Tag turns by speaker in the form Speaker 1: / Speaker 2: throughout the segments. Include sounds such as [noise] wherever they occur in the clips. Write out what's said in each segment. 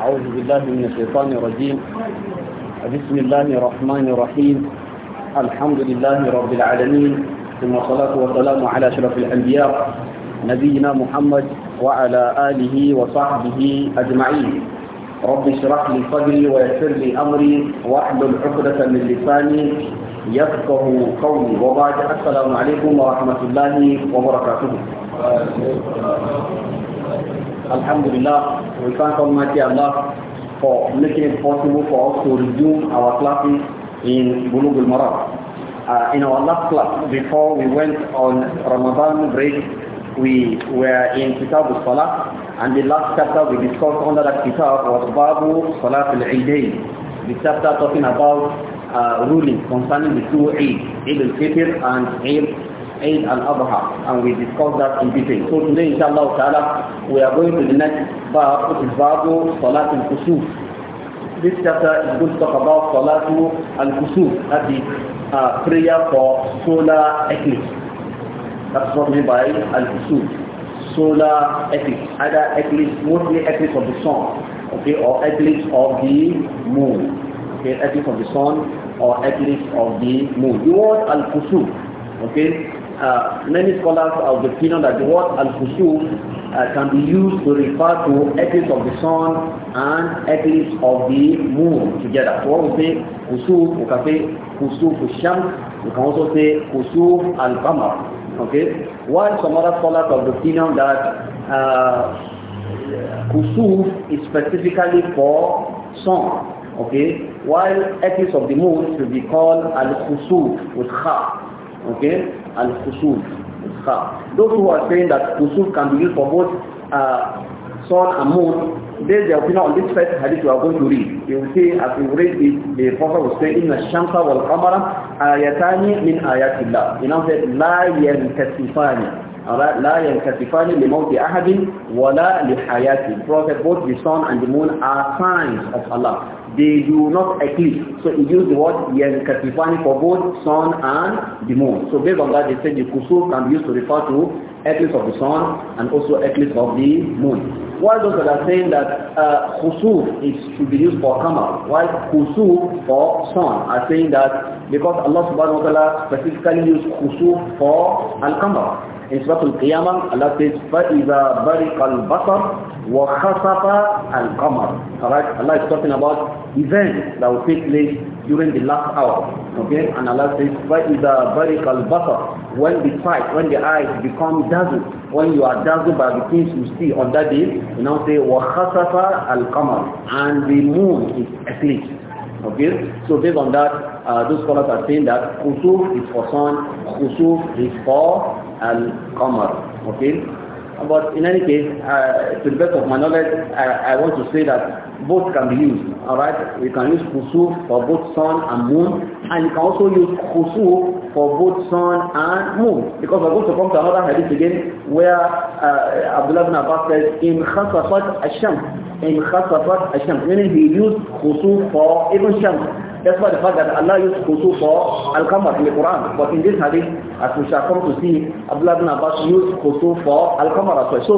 Speaker 1: أعوذ بالله من الشيطان الرجيم بسم الله الرحمن الرحيم الحمد لله رب العالمين ثم الصلاة والسلام على شرف الأنبياء نبينا محمد وعلى آله وصحبه أجمعين رب اشرح لي صدري ويسر لي أمري واحلل عقدة من لساني يفقه قولي وبعد السلام عليكم ورحمة الله وبركاته Alhamdulillah, we thank Almighty Allah for making it possible for us to resume our classes in Bulug al-Marab. Uh, in our last class, before we went on Ramadan break, we were in Kitab al-Salah, and the last chapter we discussed under that kitab was Babu Salat al-Eidain, the chapter talking about uh, ruling concerning the two Eid, Eid al-Fitr and Eid, Eid al-Adha, and we discussed that in detail. So today, inshallah ta'ala, we are going to the next bar, which is Babu Salat al-Kusuf. This chapter is going to talk about Salat al-Kusuf, that is uh, prayer for solar eclipse. That's what we mean by al-Kusuf, solar eclipse, either eclipse, mostly eclipse of the sun, okay, or eclipse of the moon okay, eclipse of the sun or eclipse of the moon. The word al-kusuf, okay, uh, many scholars of the opinion that the word al-kusuf uh, can be used to refer to eclipse of the sun and eclipse of the moon together. So we say kusuf, we can say kusuf shams, we can also say kusuf al-qamar, okay. While some other scholars of the opinion that uh, kusuf is specifically for sun okay while ethics of the moon will be called al-khusuf with kha okay al-khusuf with kha those who are saying that khusuf can be used for both uh, sun and moon based their opinion on this first hadith we are going to read. You will see as we read it, the Prophet was saying, إِنَّ shamsa wal آيَتَانِ مِنْ min اللَّهِ He now said, لَا يَنْكَسِفَانِ لا ينكسفان لموت أحد ولا لحياته. Prophet, both the sun and the moon are signs of Allah. they do not eclipse. So he used the word Yankasifani for both sun and the moon. So based on that, they said the kusur can be used to refer to eclipse of the sun and also eclipse of the moon. While those that are saying that uh, khusuf is to be used for kamar, while khusuf for sun are saying that because Allah subhanahu wa ta'ala specifically used khusuf for al-kamar in Surah Al-Qiyamah, Allah says, فَإِذَا بَرِقَ الْبَصَرُ وَخَسَفَ الْقَمَرُ Alright, Allah is talking about events that will take place during the last hour. Okay, and Allah says, فَإِذَا بَرِقَ الْبَصَرُ When the sight, when the eyes become dazzled, when you are dazzled by the things you see on that day, you now say, وَخَسَفَ الْقَمَرُ And the moon is eclipsed. Okay, so based on that, uh, those scholars are saying that khusuf is for sun, khusuf is for al-qamar. Okay, but in any case, uh, to the best of my knowledge, I, I, want to say that both can be used. All right, we can use khusuf for both sun and moon, and you can also use khusuf for both sun and moon. Because we're going to come to another hadith again, where uh, Abdullah bin Abbas says, "In khasafat asham, in khasafat asham," meaning he used khusuf for even shams. That's why the fact that Allah used kutu for al-qamar in the Quran. But in this hadith, as we shall come to see, Abdullah ibn Abbas used kutu for al-qamar as well. So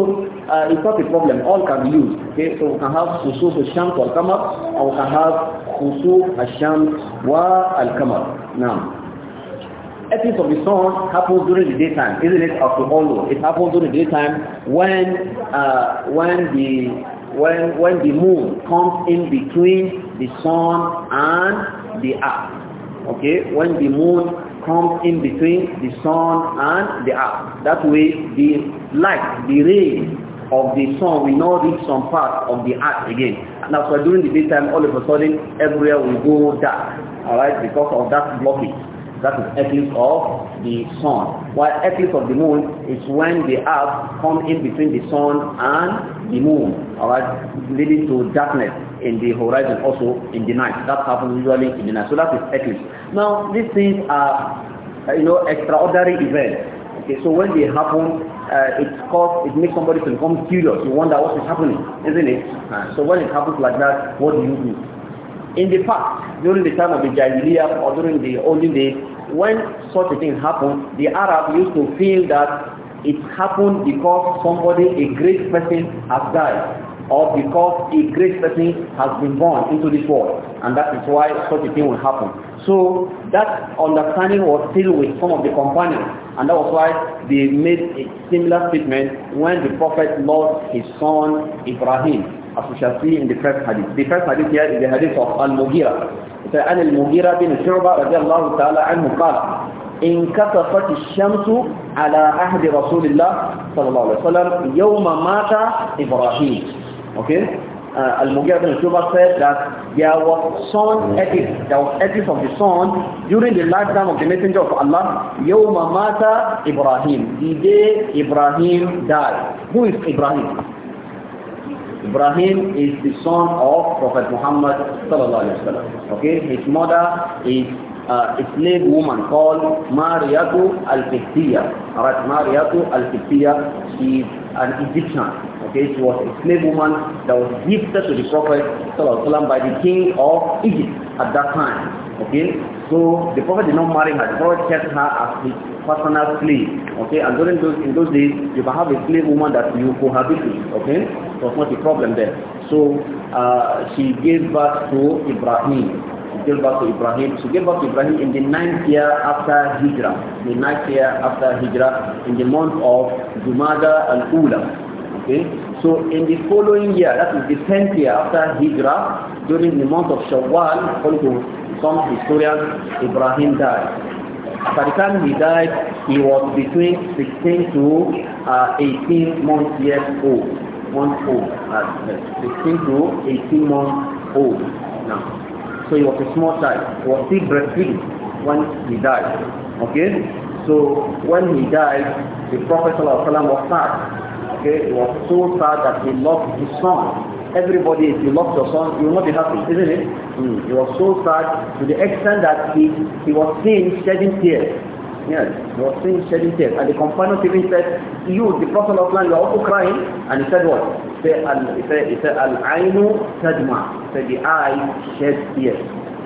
Speaker 1: uh, it's not a problem. All can be used. Okay? So we can have kutu for shams or al-qamar, or we can have kutu al-shams wa al-qamar. Now, eclipse of the sun happens during the daytime, isn't it? After all, it happens during the daytime when uh, when the when when the moon comes in between the sun and the earth. Okay, when the moon comes in between the sun and the earth. That way the light, the ray of the sun will not reach some part of the earth again. And that's why during the daytime all of a sudden everywhere will go dark. All right, because of that blockage. That is eclipse of the sun. While eclipse of the moon is when the earth comes in between the sun and the moon, all right, leading to darkness in the horizon also in the night. That happens usually in the night. So that is eclipse. Now these things are you know extraordinary events. Okay, so when they happen, uh, it it makes somebody to become curious. You wonder what is happening, isn't it? Uh, so when it happens like that, what do you do? In the past, during the time of the Jahiliyyah or during the olden days, when such a thing happened, the Arab used to feel that it happened because somebody, a great person, has died or because a great person has been born into this world and that is why such a thing will happen. So that understanding was still with some of the companions and that was why they made a similar statement when the Prophet lost his son Ibrahim as we shall see in the first hadith. The first hadith here is the hadith of Al-Mughira. It says, عن المغيرة بن شعبة رضي الله تعالى عنه قال انكسفت الشمس على عهد رسول الله صلى الله عليه وسلم يوم مات إبراهيم. Okay? Uh, Al-Mughira bin Shuba said that there was sun edit, there was edit of the sun during the lifetime of the messenger of Allah, Yawma Mata Ibrahim, the day Ibrahim died. Who is Ibrahim? Ibrahim is the son of Prophet Muhammad sallallahu alaihi wasallam. Okay, his mother is uh, a slave woman called Mariatu al-Qibtiyya. Alright, Mariatu al-Qibtiyya. She is an Egyptian. Okay, she was a slave woman that was gifted to the Prophet sallallahu alaihi wasallam by the king of Egypt at that time. Okay, so the Prophet did not marry her. The Prophet kept her as his personal slave. Okay, and during those in those days you have a slave woman that you cohabit with. Okay, was not a problem there. So uh, she gave birth to Ibrahim. She gave birth to Ibrahim. She gave birth to Ibrahim in the ninth year after Hijrah. The ninth year after Hijrah, in the month of Jumada al-Ula. Okay, so in the following year, that is the tenth year after Hijrah, during the month of Shawwal, according to some historians, Ibrahim died. By the time he died, he was between 16 to uh, 18 months years old. Months old. Uh, 16 to 18 months old now. So he was a small child. He was still breastfeeding when he died. Okay? So when he died, the Prophet ﷺ was sad. Okay? He was so sad that he lost his son everybody, if you lost your son, you will not be happy, isn't it? Mm. He was so sad to the extent that he, he was seen shedding tears. Yes, he was seen shedding tears. And the companion even said, you, the Prophet of Allah, you are also crying. And he said what? He said, he said, Al-Ainu Tadma He said, the eye sheds tears.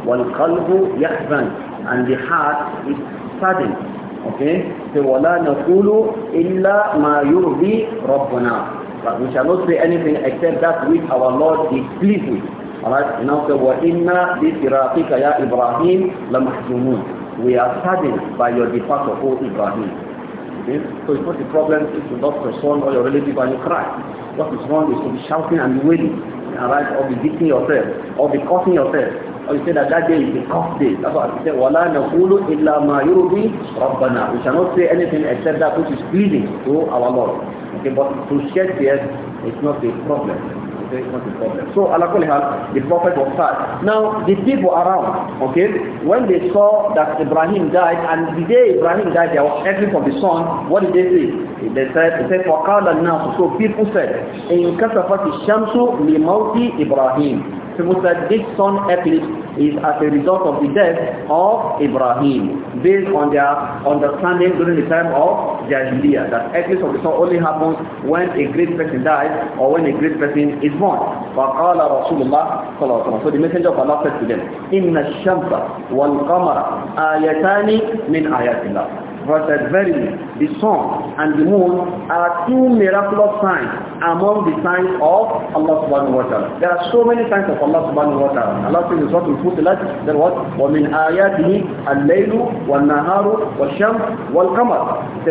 Speaker 1: وَالْقَلْبُ يَحْزَنْ And the heart is saddened. Okay? So, وَلَا نَقُولُ إِلَّا مَا يُرْضِي رَبُّنَا we shall not say anything except that which our Lord is pleased with. Alright, now say, وَإِنَّا بِفِرَاقِكَ يَا إِبْرَاهِيمُ لَمَحْزُونُون We are saddened by your departure, O Ibrahim. Okay? So it's not the problem is to not your or your relative and you cry. What is wrong is to be shouting and wailing, alright, or be beating yourself, or be cursing yourself. Or you say that that day is the cup day. That's why he said, وَلَا نَقُولُ إِلَّا مَا يُرْضِي رَبَّنَا We shall not say anything except that which is pleasing to our Lord. Okay, but to shed tears is not a problem. Okay, it's not a problem. So Allah Kulihal, the Prophet was sad. Now the people around, okay, when they saw that Ibrahim died, and the day Ibrahim died, there was echoing of the sun, what did they say? They said, they said, فَقَالَ النَّاسُ So people said, إِنْ كَسَفَتِ الشَّمْسُ لِمَوْتِ إِبْرَاهِيمِ Muslim said this son eclipse is as a result of the death of Ibrahim based on their understanding during the time of Jahiliyyah that eclipse of the sun only happens when a great person dies or when a great person is born. فَقَالَ رَسُولُ اللَّهِ صلى الله So the messenger of Allah said to them إِنَّ الشَّمْسَ وَالْقَمَرَ آيَتَانِ مِنْ آيَاتِ اللَّهِ Verse verily the sun and the moon are two miraculous signs among the signs of Allah subhanahu wa ta'ala. There are so many signs of Allah subhanahu wa ta'ala. Allah says in Surah Al-Futilat, there was وَمِنْ آيَاتِهِ اللَّيْلُ وَالنَّهَارُ وَالشَّمْسُ وَالْقَمَرُ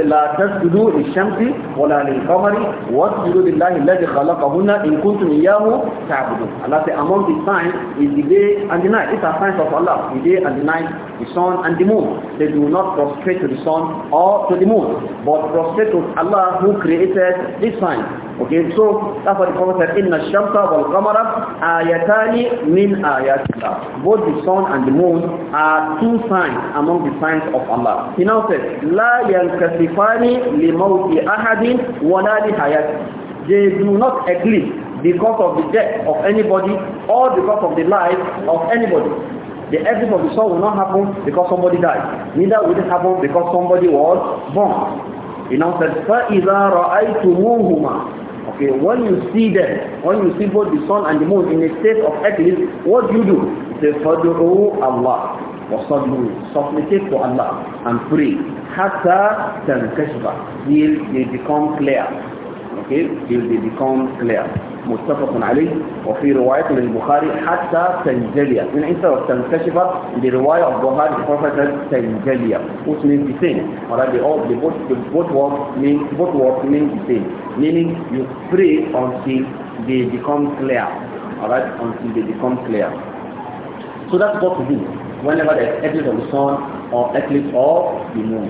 Speaker 1: لَا تَسْجُدُوا لِلشَّمْسِ وَلَا لِلْقَمَرِ وَاسْجُدُوا لِلَّهِ الَّذِي خَلَقَهُنَّ إِن كُنتُمْ إِيَّاهُ تَعْبُدُونَ Allah says among the signs is the day and the night. These are signs of Allah. The day and the night, the sun and the moon. They do not prostrate to the sun or to the moon. but Prophet to Allah who created this sign. Okay, so that's what the Prophet said, Inna shamsa wal qamara ayatani min ayatillah. Both the sun and the moon are two signs among the signs of Allah. He now says, La yankasifani li mawti ahadin wa la li hayati. They do not eclipse because of the death of anybody or because of the life of anybody. The exit of the soul will not happen because somebody died. Neither will it happen because somebody was born. You know, said, فَإِذَا رَأَيْتُمُوهُمَا Okay, when you see them, when you see both the sun and the moon in a state of eclipse, what do you do? Say, فَدْعُوا Allah وَصَدْلُوا Supplicate to Allah and pray. حَتَّى تَنْكَشْفَ Till they become clear. Okay, till they become clear. متفق عليه وفي رواية للبخاري حتى تنجليا من أنت تنكشف لرواية الظهر البروفيت تنجليا which means the same or they all بوت both they both work mean both work meaning you pray until they become clear alright until they become clear so that's what to do whenever there's eclipse of the sun or eclipse of the moon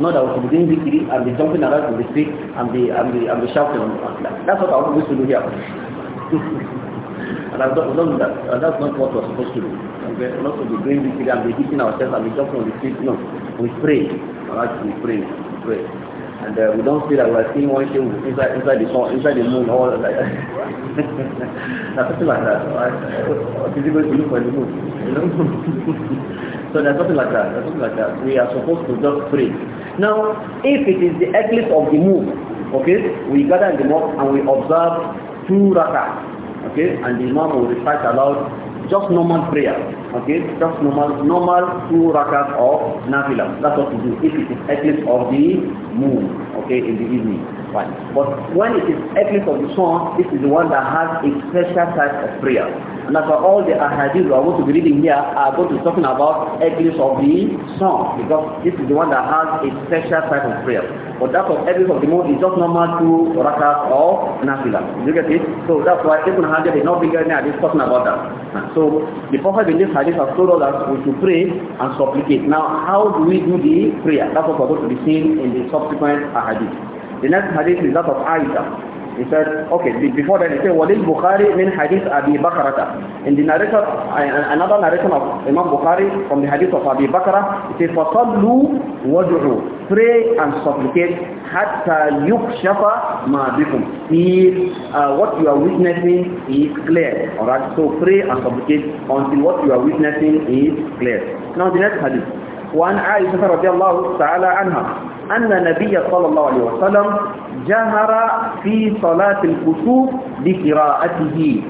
Speaker 1: Not that we should be doing victory and be jumping around in the street and be, and be, and be shouting on Allah. That's what our supposed to do here. [laughs] and I've done, done that. And that's not what we're supposed to do. And we're not supposed to be doing victory and be hitting ourselves and be jumping on the street. No. We pray. Alright, we pray. We pray. And uh, we don't feel like we're seeing one thing inside, inside the sun, inside the moon, all like that. [laughs] something like that. What is it going to look for the moon? You know? [laughs] so there's something like that. There's something like that. We are supposed to just pray. Now, if it is the eclipse of the moon, okay, we gather in the mosque and we observe two rakah, okay, and the imam will recite aloud just normal prayer. Okay? Just normal, normal two rakat of nafila. That's what you do if it is eclipse of the moon. Okay? In the evening. Fine. But when it is eclipse of the sun, this is the one that has a special type of prayer. And that's why all the ahadith we are going to be reading here are going to be talking about Eclipse of the song because this is the one that has a special type of prayer. But that of Eclipse of the Moon is just normal to rakas or nafila. You get it? So that's why Ibn Hajar did not bring any this talking about that. So the Prophet in this hadith has told us that we should pray and supplicate. Now how do we do the prayer? That's what we're going to be seeing in the subsequent ahadith. The next hadith is that of Aisha. He said, okay, before that he said, Walid Bukhari min hadith Abi Bakrata. In the narration, another narration of Imam Bukhari from the hadith of Abi Bakra, he said, فَصَلُّوا وَدْعُوا Pray and supplicate حَتَّى يُكْشَفَ مَا بِكُمْ Till uh, what you are witnessing is clear. Alright, so pray and supplicate until what you are witnessing is clear. Now the next hadith. وعن عائشة رضي الله تعالى عنها أن النبي صلى الله عليه وسلم جهر في صلاة الكسوف بقراءته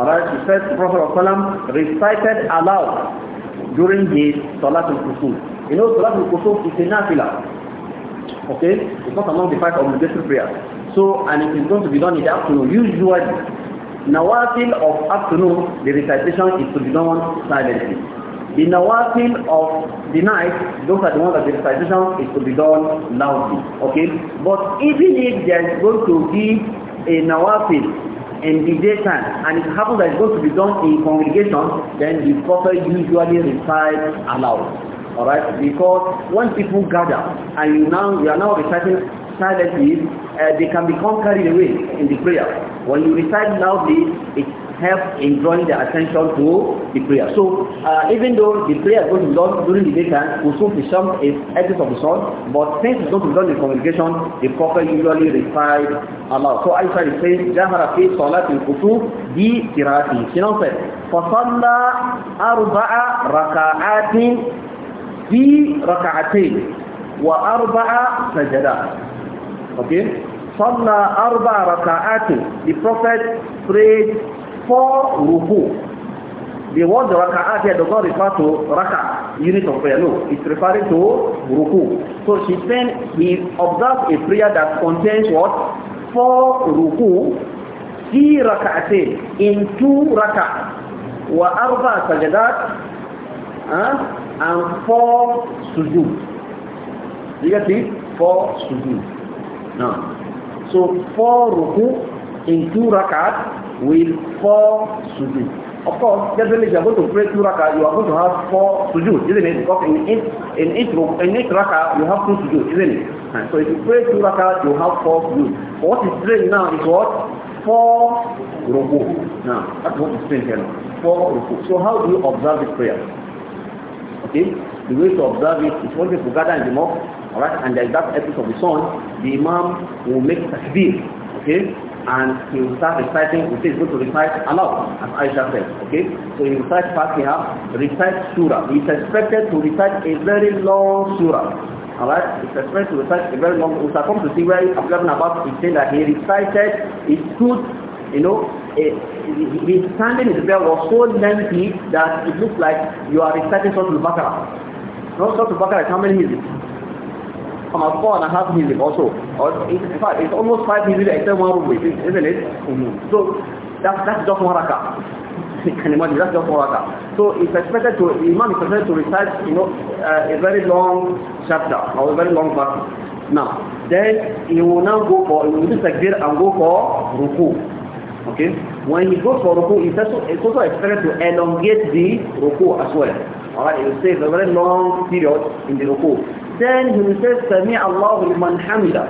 Speaker 1: Alright, the first Prophet of Salam recited aloud during his Salat al-Kusuf. You know, Salat al-Kusuf is a nafila. Okay? It's not among the five obligatory prayers. So, and it is going to be done in the afternoon. Usually, nawafil of afternoon, the recitation is to be done silently. In The nawafil of the night, those are the ones that the recitation is to be done loudly. Okay? But even if there is going to be a nawafil in the daytime and it happens that it's going to be done in congregation, then the prophet usually recites aloud. Alright? Because when people gather and you now you are now reciting silently, uh, they can become carried away in the prayer. When you recite loudly, it help in drawing the attention to the prayer. So uh, even though the prayer is going to be done during the daytime, Usuf is some is essence of the sun, but since it's going to be done in congregation, the prophet usually recites aloud. So Aisha is saying, Jahara fi salat al Usuf bi kirati. She now said, فَصَلَّى أَرْبَعَ رَكَعَاتٍ في ركعتين وأربع سجدات. Okay? صلى أربع ركعات. The Prophet prayed four ruku. The word raka'at here does not refer to raka, unit of prayer. No, it's referring to ruku. So she said he observed a prayer that contains what? Four ruku, three raka'atain, in two raka, wa arba sajadat, huh? Ah, and four sujud. You get it? Four sujud. Now, so four ruku in two rakat will fall sujud. Of course, that if you are going to pray two raka. you are going to have four sujud, isn't it? Because in each, in each, in each raka you have two sujud, isn't it? Right. So if you pray two raka you have four sujud. What is strange now is what? Four ruku. Now, that's what is strange here now. Four ruku. So how do you observe this prayer? Okay? The way to observe it is when people gather in the mosque, all right? and there is that episode of the sun, the imam will make takbir, okay? and he will start reciting, which is good to recite aloud, as Aisha said, okay? So he recites Fatiha, recites Surah. He is expected to recite a very long Surah. All right. He is expected to recite a very long, we shall come to see where Abdullah ibn Abbas is saying that he recited, he stood, you know, his standing in the prayer was so lengthy that it looks like you are reciting Surah Al-Baqarah. No, Surah Al-Baqarah how many minutes? From four and a half music also. Or in fact, it's almost five million music except one room, isn't it? Mm-hmm. So that's, that's just one rakah. [laughs] You can imagine, that's just one rakah. So it's expected to, Imam is expected to recite, you know, uh, a very long chapter or a very long verse. Now, then he will now go for, he will just takbir and go for ruku. Okay? When he goes for ruku, it's also, it's also expected to elongate the ruku as well. Alright, it will stay a very long period in the ruku. 10, he will say, Sami Allahu liman hamida.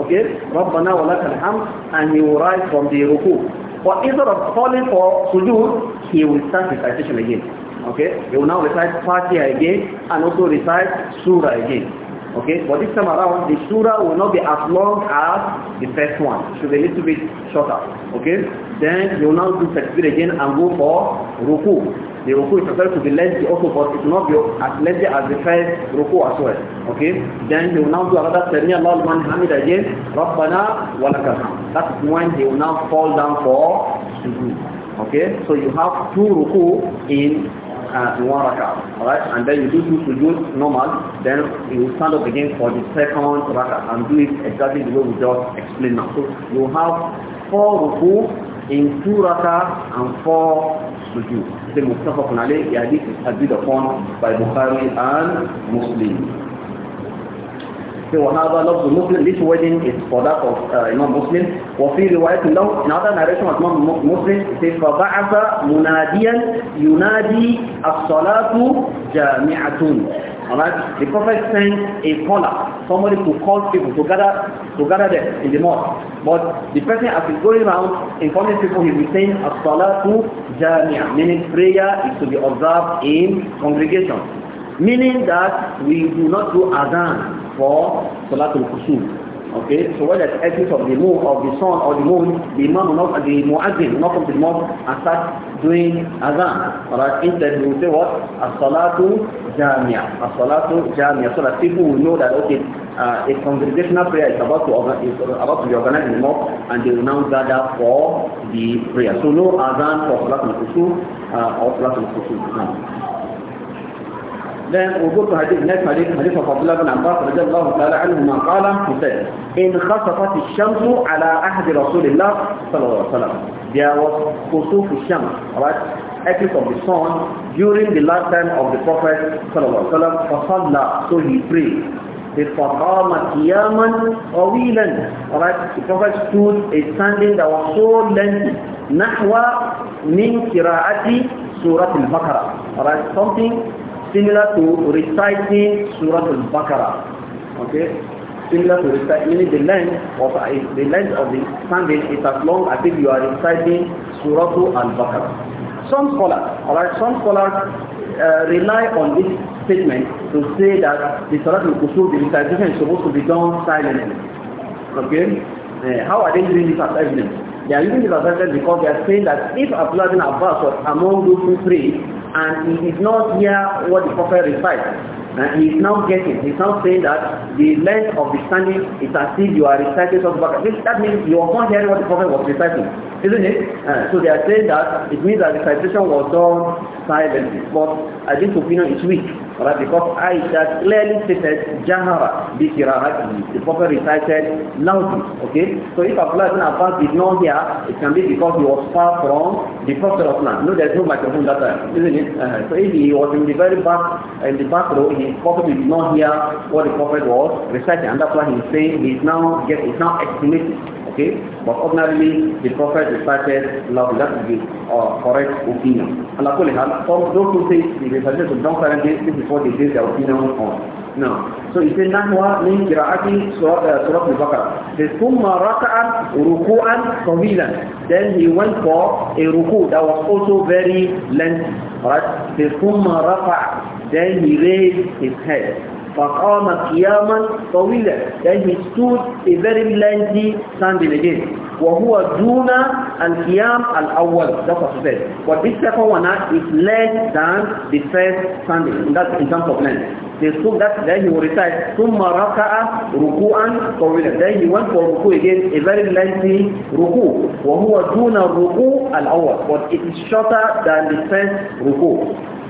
Speaker 1: Okay? Rabbana wa lakal hamd. And he will rise from the ruku. But instead of calling for sujood, he will start recitation again. Okay? He will now recite Fatiha again and also recite Surah again. Okay, but this time around, the surah will not be as long as the first one. It should be a little bit shorter. Okay, then you will now do takbir again and go for ruku. The ruku is supposed to be lengthy also, but it will not be as lengthy as the first ruku as well. Okay, then you will now do another Sami Allah man hamid again. Rabbana walakasam. That is when he will now fall down for sujood. Okay, so you have two ruku in uh, in one rak'ah. Alright? And then you do two sujood normal, then you will stand up again for the second rak'ah and do it exactly the way we just explained now. So you have four ruku in two rak'ah and four sujood. The Mustafa Kunale, the hadith is agreed upon by Bukhari and Muslim. في وهذا لفظ Muslim, this wedding is for that of uh, Imam Muslim وفي رواية له in other narration of Imam Muslim it says فبعث مناديا ينادي الصلاة جامعة Alright, the Prophet sent a caller, somebody to call people, to gather, to gather them in the mosque. But the person as he's going around informing people, he'll be saying, As-salatu jamia, meaning prayer is to be observed in congregation. Meaning that we do not do adhan for Salatul Kusuf. Okay, so whether it's essence of the moon of the sun or the moon, the imam will not, the muazzin will not come to the mosque and start doing azan. Alright, instead we will say what? As-salatu jamia. As-salatu jamia. So that people will know that, okay, uh, a congregational prayer is about to, is about to be organized in the mosque and they will now gather for the prayer. So no azan for Salatul Kusuf uh, or Salatul Kusuf. No. ده وجود هذه الناس حديث حديث عبد الله بن عباس رضي الله تعالى عنهما قال ان خسفت الشمس على أحد رسول الله صلى الله عليه وسلم there was khusuf الشمس right eclipse of the sun during the last time of the prophet صلى الله عليه وسلم فصلى so he prayed فقام قياما طويلا right the prophet stood a standing that was so lengthy نحو من قراءة سورة البقرة right something similar to reciting Surah Al-Baqarah. Okay? Similar to reciting, meaning the length of uh, the length of the standing is as long as if you are reciting Surah Al-Baqarah. Some scholars, alright, some scholars uh, rely on this statement to say that the Surah Al-Qusur, the recitation is supposed to be done silently. Okay? Uh, how are they doing this as evidence? They are using this as evidence because they are saying that if Abdullah bin Abbas was among those who prayed, and he did not hear what the prophet recites. And he is now getting, he is now saying that the length of the standing is as if you are reciting Surah al That means you are not hearing what the prophet was reciting. Isn't it? Uh, so they are saying that it means that the citation was done silently. But I this opinion is weak, right? Because I that clearly stated Jahara bi The Prophet recited loudly. Okay? So if Abdullah ibn Abbas did not hear, it can be because he was far from the Prophet of Islam. No, there's no microphone that time, isn't it? Uh, so if he was in the very back uh, in the back row, he probably did not hear what the Prophet was reciting, and that's why he is saying he is now get is now estimated. Okay? But ordinarily, the Prophet recited love. That is the a correct opinion. And Allah Kulli Hal, those who say the recitation of John 17, this is what they base their opinion on. Now, so he said, "Nahwa نحو من قراءة سورة سورة البقرة. summa ركع ركوعا طويلا. Then he went for a ruku that was also very lengthy. Right? summa رفع. Then he raised his head. فقام قياما طويلا then he stood a very lengthy standing again وهو دون القيام الأول that's what he said but this second one ah, is less than the first standing that's in terms of length they took that then he will recite ثم ركع ركوعا طويلا then he went for ruku again a very lengthy ruku وهو دون الركوع الأول but it is shorter than the first ruku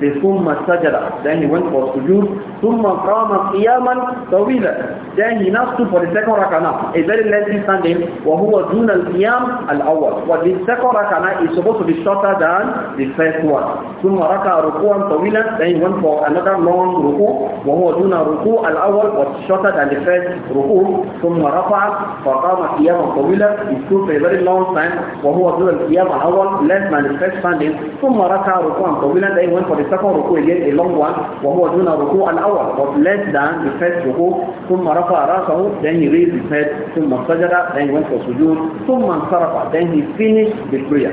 Speaker 1: ثم سجد then he went for sujood ثم قام قياما طويلا then he now stood for the second rakana a very lengthy standing وهو دون القيام الأول but the second rakana is supposed to be shorter than the first one ثم ركع ركوعا طويلا then he went for another long ركوع وهو دون ركوع الأول ruku was shorter than the first ركوع ثم رفع فقام قياما طويلا he stood for a very long time وهو دون القيام الأول less than the first standing ثم ركع ركوعا طويلا then he went for the the second ruku again a long one وهو دون ركوع الأول was less than the first ruku ثم رفع رأسه then he raised his head ثم سجد then he went for sujood ثم انصرف then he finished the prayer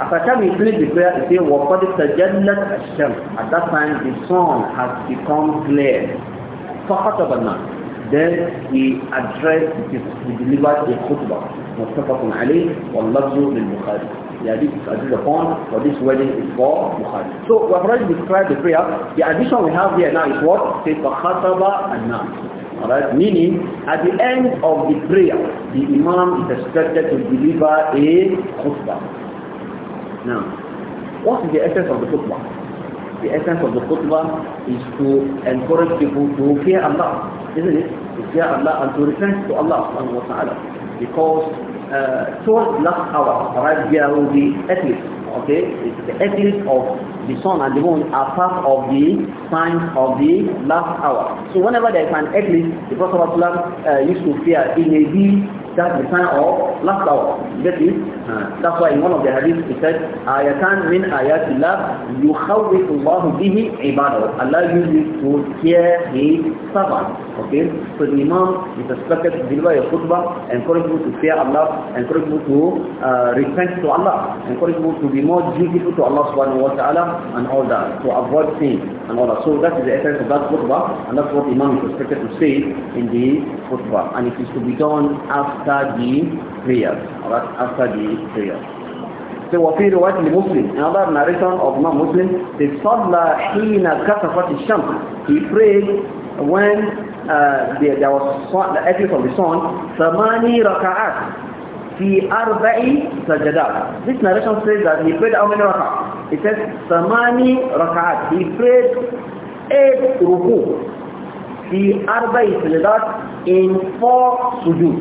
Speaker 1: after time he finished the prayer he said وقد تجلت الشمس at that time the sun has become clear فخطب الناس then he addressed the, he delivered the khutbah متفق عليه واللفظ للبخاري the hadith is agreed upon for this wedding is for Bukhari. So we have already described the prayer. The addition we have here now is what? Says Fakhataba and Nam. Alright, meaning at the end of the prayer, the Imam is expected to deliver a khutbah. Now, what is the essence of the khutbah? The essence of the khutbah is to encourage people to fear Allah, isn't it? To fear Allah and to repent to Allah subhanahu wa ta'ala. Because uh, told last hour, right, there will be eclipse. Okay, it's the eclipse of the sun and the moon are part of the signs of the last hour. So whenever there is an eclipse, the Prophet uh, used to fear it may be that the sign of last hour. That is, uh, that's why in one of the hadiths it says, Ayatan min ayatillah yukhawifullahu bihi ibadah. Allah uses to scare his servant. Okay? So the Imam is expected to deliver a khutbah, encourage you to fear Allah encourage you to uh, repent to Allah, encourage you to be more dutiful to Allah subhanahu wa ta'ala and all that, to avoid sin and all that. So that is the essence of that khutbah and that's what Imam is expected to say in the khutbah and it is to be done after the prayer, right? after the prayer. So وفي رواية Muslim. another narration of Imam Muslim a صلى of كسفت الشمس he prayed when uh, there, there was the eclipse of the sun, Samani raka'at fi arba'i sajadat. This narration says that he prayed how many rak'ah? It says samani rak'at. He prayed eight ruku. Fi arba'i sajadat in four sujud.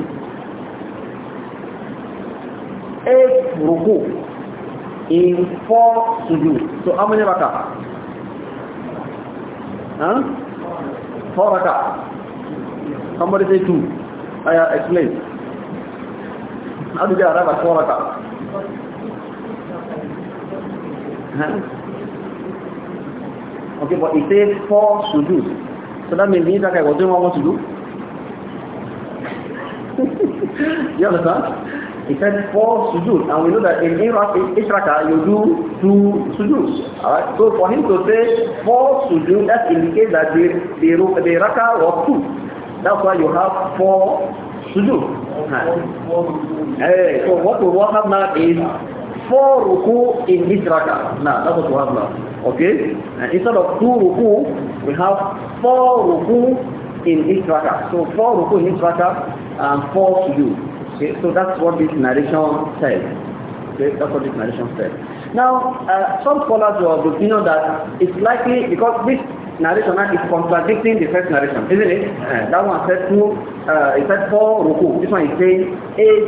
Speaker 1: Eight ruku in four sujud. So how many rak'ah? Huh? Four rak'ah. Somebody say two. I uh, explain. àdúgbò àràbà tó rọ̀kà okay but it says four sujood so that means Nisa guy was doing one more sujood you understand he said four sujood and we know that in each rakah you do two sujoods alright so for him to say four sujood that indicates that the, the, the was two that's why you have four sujud. Hey, eh, so what we have now is four ruku in this raka. Now, that's what we have now. Okay? And instead of two ruku, we have four ruku in this raka. So four ruku in this raka and four sujud. Okay? So that's what this narration says. Okay? That's what this narration says. Now, uh, some scholars were of the opinion that it's likely because this narration is contradicting the first narration, isn't it? Uh, that one said two uh, he said four ruku. This one is saying eight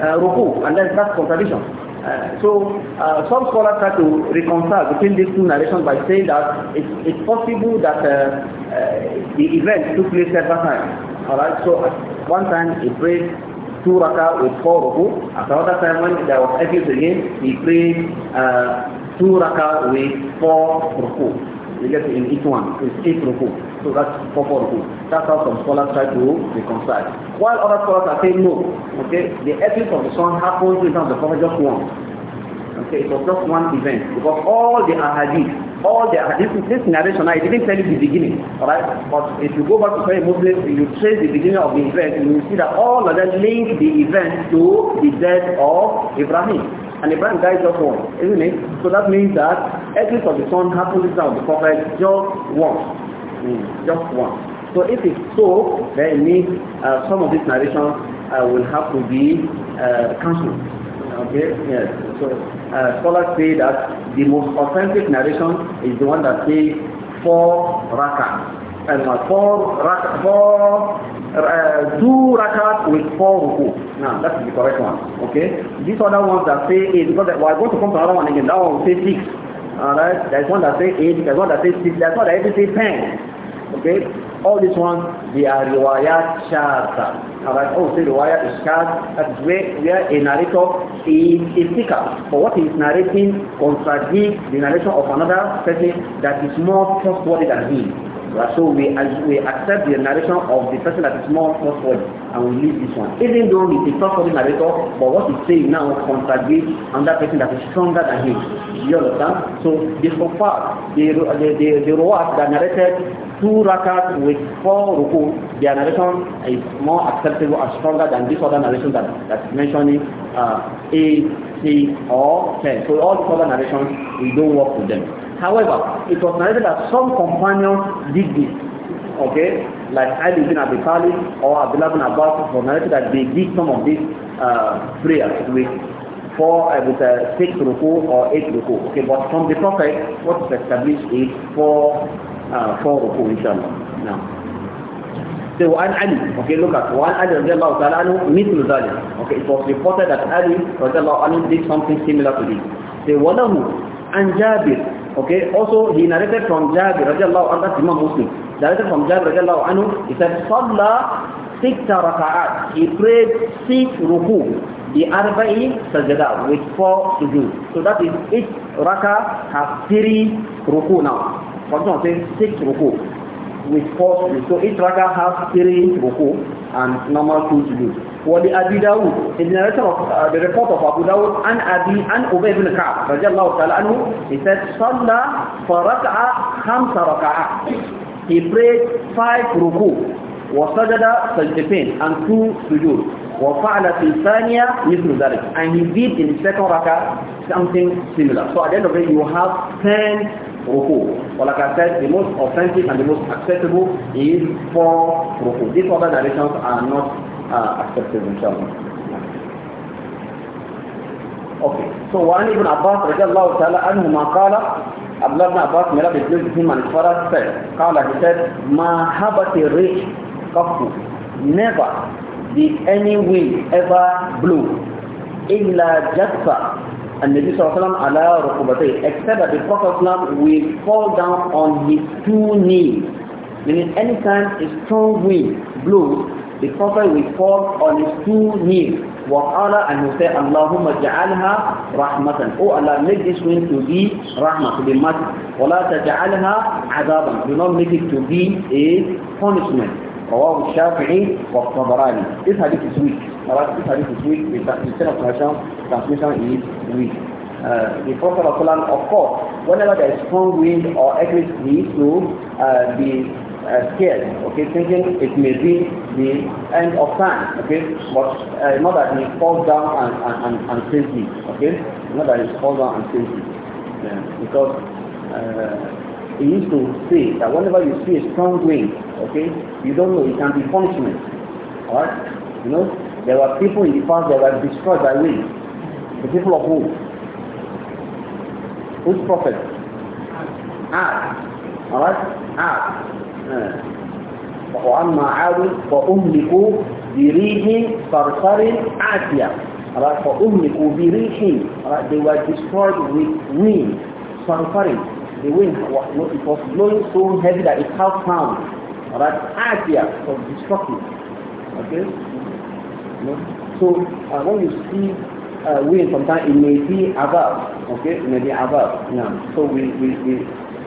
Speaker 1: uh, ruku, and then that's contradiction. Uh, so uh, some scholars try to reconcile between these two narrations by saying that it's, it's possible that uh, uh, the event took place several times. All right. So one time he prayed two raka with four ruku. At another time when there was echoes again, he prayed uh, two raka with four ruku. You get in each one, it's eight ruku. So that's proper too. That's how some scholars try to reconcile. While other scholars are saying no, okay, the eclipse of the sun happened in terms of the prophet just once. Okay, it was just one event because all the ahadith, all the ahadith, this narration, I didn't tell you the beginning, alright? But if you go back to Sahih Muslim, you trace the beginning of the event, and you see that all of that link the event to the death of Ibrahim. And Ibrahim died just once, isn't it? So that means that eclipse of the sun happened in the of the prophet just once. Mm. Just one. So if it's so, then it means uh, some of these narrations uh, will have to be uh, cancelled. Okay, yes. So uh, scholars say that the most authentic narration is the one that says four rakah. And uh, four, rak- four uh, two rakat with four ruku. Now that's the correct one. Okay. These other ones that say eight because we are going to come to another one again. That one will say six. Alright. There's one that say eight. There's one that say six. There's one that say ten. Okay? All these ones, they are riwayat shadda. Alright, oh, say riwayat is shad. That is where, where a narrator is, is But what he is narrating contradicts the narration of another person that is more trustworthy than him. Right? So we, we accept the narration of the person that is more trustworthy and we leave this one. Even though he's a trustworthy narrator, but what he say now contradicts another person that is stronger than him. You understand? So the so far, the, the, the, the, the that narrated two rakat with four ruku, their narration is more acceptable and stronger than this other narration that, that's mentioning uh, A, C, or 10. So all these other narrations, we don't work with them. However, it was narrated that some companions did this. Okay, like Ali bin Abi Talib or Abdullah bin Abbas was narrated that they did some of these uh, prayers with four uh, with uh, six ruku or eight ruku. Okay, but from the Prophet, what is established is four forward ah, for inshallah now so وعن Ali. okay look at وعن Ali. رضي الله تعالى عنه مثل okay it was reported that Ali رضي الله did something similar to this so وله عن جابر okay also he narrated from Jabir رضي الله عنه that's Imam Muslim narrated from Jabir رضي الله he said صلى ست ركعات he prayed six Ruku. the arba'i sajda with four sujood. So that is each raka has three ruku now. Quran says six ruku with four sleep. So each rakah has three ruku and normal two sujood. Wali Abi Dawud, in the narration of uh, the report of Abu Dawud, an Abi, an Ubay ibn Ka'ab, radiallahu ta'ala anhu, he said, Salla faraka'a khamsa raka'a. He prayed five ruku, وسجد سجدتين and two sujood. وفعل في الثانية مثل ذلك and he did in the second rakah something similar. So at the end of it you have ten ruku. But like I said, the most authentic and the most acceptable is for ruku. These other directions are not uh, acceptable, inshallah. Okay, so one Ibn Abbas radiallahu ta'ala anhuma qala Abdullah ibn Abbas may Allah be him and his father said, qala he said, ma habati rich kafu. Never did any wind ever blow illa jatsa and صلى الله عليه وسلم except that the Prophet will fall down on his two knees meaning anytime a strong wind blows the Prophet will fall on his two knees وقال and he will say اللهم اجعلها رحمة Oh Allah make this wind to be رحمة to be mercy ولا تجعلها azaban. do not make it to be a punishment رواه الشافعي والطبراني This hadith is weak our is weak, the chain of transmission is weak. Uh, the Prophet of Islam, of course, whenever there is strong wind or at least needs to uh, be uh, scared, okay, thinking it may be the end of time, okay, but uh, not that he falls down and, and, and, and kills you, okay, not that he falls down and kills you, yeah. because uh, he to see that whenever you see a strong wind, okay, you don't know, it can be punishment, alright, you know, there were people in the past that were destroyed by waves. The people of who? Whose prophet? Ad. Alright? Ad. Eh. وأما عاد فأملكوا بريح صرصر عاتية Alright, فأملكوا بريح Alright, they were destroyed with wind صرصر The wind was it was blowing so heavy that it half pound Alright, عاتية was destructive Okay? You know? So uh, when you see uh, wind sometimes it may be above, okay? It may be above. You So we we we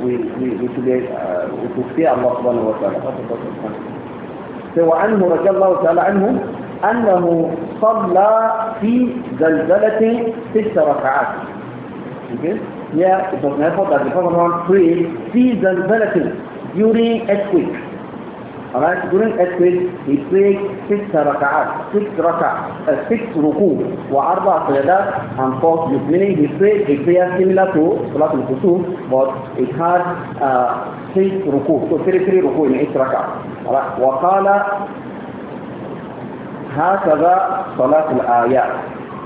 Speaker 1: we we, we should be, uh, we should fear Allah subhanahu wa ta'ala. So وعنه رضي الله تعالى عنه أنه صلى في زلزلة ست ركعات. Okay? Yeah, it was an effort that the Prophet prayed في زلزلة during earthquake. Alright, during Eid he prayed six rak'at, six rak'at, uh, six ruku, wa arba sajadat and four sujud. Meaning he prayed a prayer similar to Salat al-Kusuf, but it had uh, six ruku, so three, three ruku in each rak'at. Alright, wa qala هكذا صلاة الآيات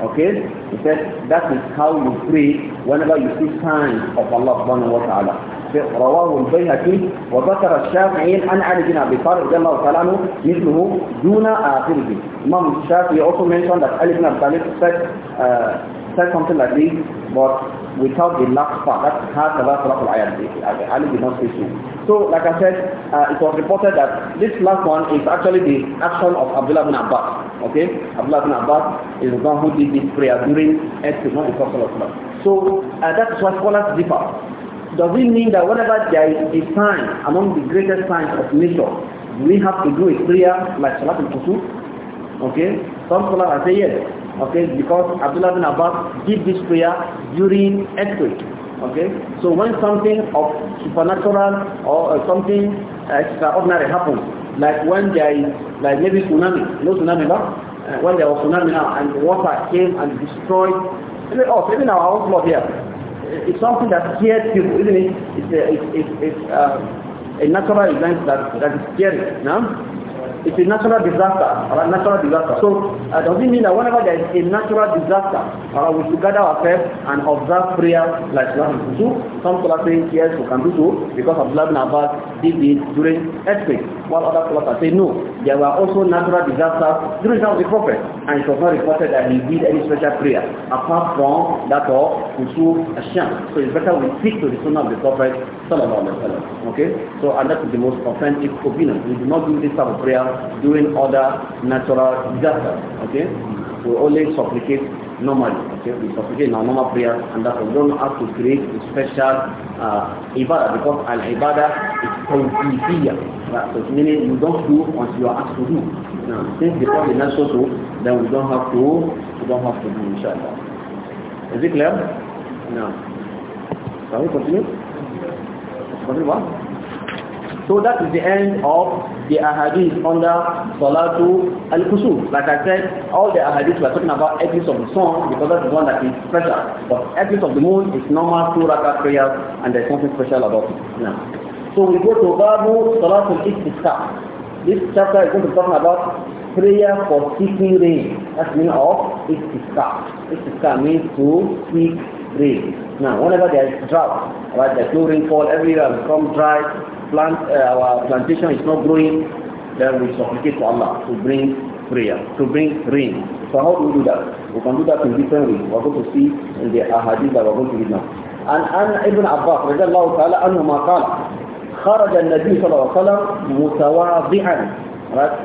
Speaker 1: Okay? He said, that is how you pray whenever you see signs of Allah subhanahu wa ta'ala. رواه البيهقي وذكر الشافعي عن علي بن ابي طالب رضي الله تعالى عنه مثله دون اخره. Imam Shafi also mentioned that Ali ibn Abi Talib said uh, said something like this, but without the last part. That has the last part of ayat Ali did not say so. So, like I said, uh, it was reported that this last one is actually the action of Abdullah bin Abbas. Okay? Abdullah bin Abbas is the one who did this prayer during Esther, not the Prophet of Allah. So, uh, that's why scholars differ. Does it mean that whenever there is a sign among the greatest signs of nature, we have to do a prayer like Salat al-Qusuf? Okay, some scholars say yes. Okay, because Abdullah bin Abbas did this prayer during earthquake. Okay, so when something of supernatural or uh, something extraordinary happens, like when there is like maybe tsunami, no tsunami, but Uh, when there was tsunami now and water came and destroyed us, oh, even our house here. Uh, it's something that scares people, isn't it? It's a, it's, it's, it's uh, a natural event that, that is scary. No? it's a natural disaster, a natural disaster. So uh, it uh, doesn't mean that whenever there is a natural disaster, uh, we should gather ourselves and observe prayer like Islam is do. Some scholars say yes, we can do so because Abdullah bin Abbas did it during earthquake. While other scholars say no, there were also natural disasters during the time of the Prophet, and it was not reported that he did any special prayer apart from that of Usu Hashem. So it's better we stick to the Sunnah of the Prophet, sallallahu alaihi wasallam. Okay, so and that is the most authentic opinion. We do not do this type of prayer doing other natural disasters. Okay? We only supplicate normally. Okay? We supplicate in our normal prayers and that we don't have to create a special uh, ibadah because an ibadah is tawqifiyah. Right? So meaning you don't do what you are asked to do. Now, since before the not so then we don't have to we don't have to do inshallah. Is it clear? No. we continue. Continue what? So that is the end of the ahadith under Salatu al kusur Like I said, all the ahadith we are talking about eclipse of the sun because that's the one that is special. But eclipse of the moon is normal two rakat prayers and there's nothing special about it. Yeah. So we go to Babu Salatul Istisqa. This chapter is going to talk about prayer for seeking rain. That's meaning of Istisqa. Istisqa means to seek rain. Now, whenever there is drought, right, there's no rainfall everywhere, will come dry, plant, uh, our plantation is not growing, then we supplicate to Allah to bring prayer, to bring rain. So how do we do that? We can do that in different ways. We're going to see in the ahadith that we're going to read now. And, and Ibn Abbas, رضي الله تعالى عنهما قال خرج النبي صلى الله عليه وسلم متواضعا right?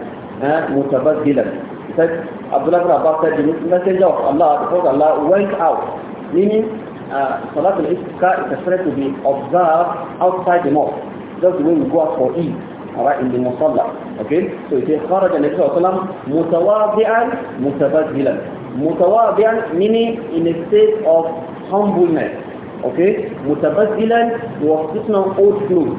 Speaker 1: Uh, متبذلا He said, Abdullah ibn Abbas said, the messenger of Allah, the Prophet Allah went out, meaning uh, Salat al-Isqa is expected to be observed outside the mosque. That's the way we go out for Eid, alright, in the Musalla. Okay? So it says, خرج النبي صلى الله عليه وسلم Mutawadian meaning in a state of humbleness. Okay? Mutabazilan was putting on old clothes.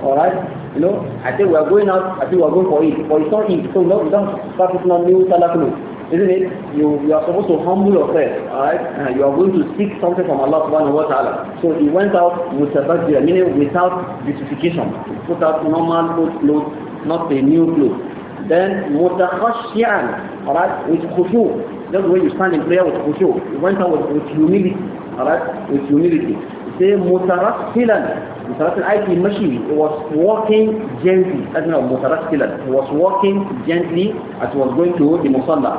Speaker 1: Alright? You know, I think we are going out, I think we are going for Eid. But it's not Eid, so no, we don't start putting on new salah clothes. Isn't it? You, you are supposed to humble yourself, alright? Uh, you are going to seek something from Allah subhanahu wa ta'ala. So he went out with tabajjiyah, meaning without beautification. Put out normal clothes, clothes, not the new clothes. Then mutakhashyan, alright, with khushu. That's where you stand in prayer with khushu. He went out with, with humility, alright? With humility the motorist, mutarassil aiki mashi was walking gently as you know mutarassilan was walking gently as was going to the musalla